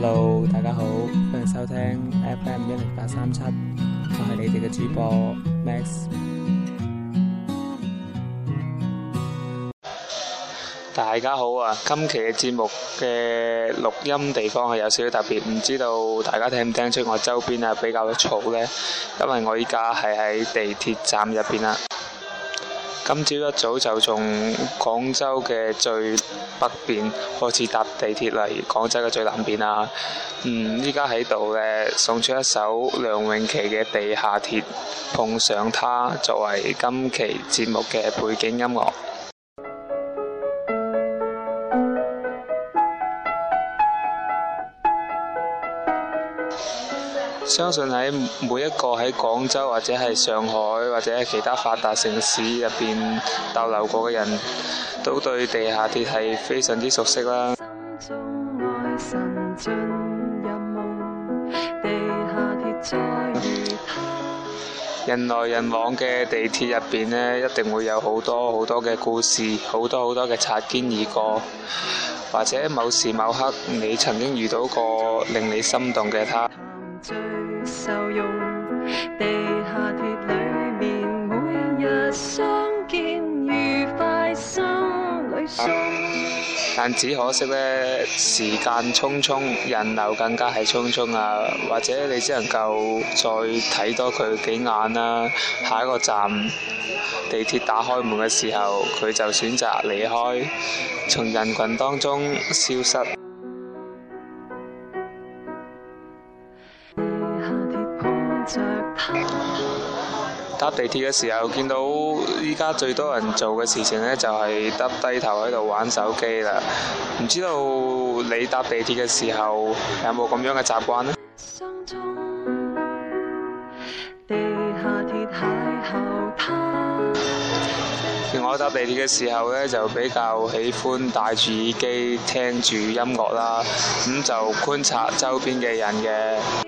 Hello，大家好，歡迎收聽 FM 一零八三七，我係你哋嘅主播 Max。大家好啊，今期嘅節目嘅錄音地方係有少少特別，唔知道大家聽唔聽出我周邊啊比較嘈呢？因為我依家係喺地鐵站入邊啦。今朝一早就從廣州嘅最北邊開始搭地鐵嚟廣州嘅最南邊啦。嗯，依家喺度咧，送出一首梁詠琪嘅《地下鐵》，碰上他作為今期節目嘅背景音樂。相信喺每一個喺廣州或者係上海或者其他發達城市入邊逗留過嘅人，都對地下鐵係非常之熟悉啦。 人來人往嘅地鐵入邊呢，一定會有好多好多嘅故事，好多好多嘅擦肩而過，或者某時某刻你曾經遇到過令你心動嘅他。地下鐵裏面每日相見愉快，心裏。但只可惜呢時間匆匆，人流更加係匆匆啊！或者你只能夠再睇多佢幾眼啦。下一個站地鐵打開門嘅時候，佢就選擇離開，從人群當中消失。搭地鐵嘅時候，見到依家最多人做嘅事情呢，就係耷低頭喺度玩手機啦。唔知道你搭地鐵嘅時候有冇咁樣嘅習慣呢？我搭地鐵嘅時候呢，就比較喜歡戴住耳機聽住音樂啦，咁就觀察周邊嘅人嘅。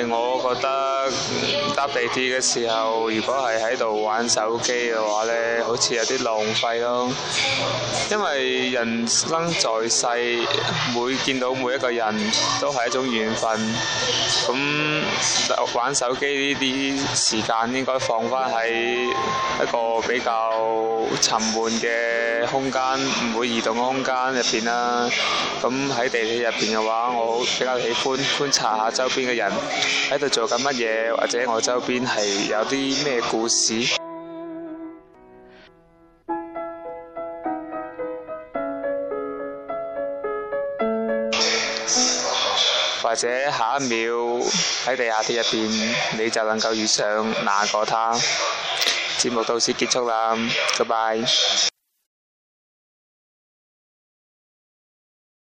因我覺得搭地鐵嘅時候，如果係喺度玩手機嘅話呢，好似有啲浪費咯。因為人生在世，每見到每一個人都係一種緣分，咁玩手機呢啲時間應該放翻喺一個比較沉悶嘅空間，唔會移動嘅空間入邊啦。咁喺地鐵入邊嘅話，我比較喜歡觀察下周邊嘅人。喺度做緊乜嘢？或者我周邊係有啲咩故事？ 或者下一秒喺地下鐵入邊，你就能夠遇上那個他。節目到此結束啦，拜拜。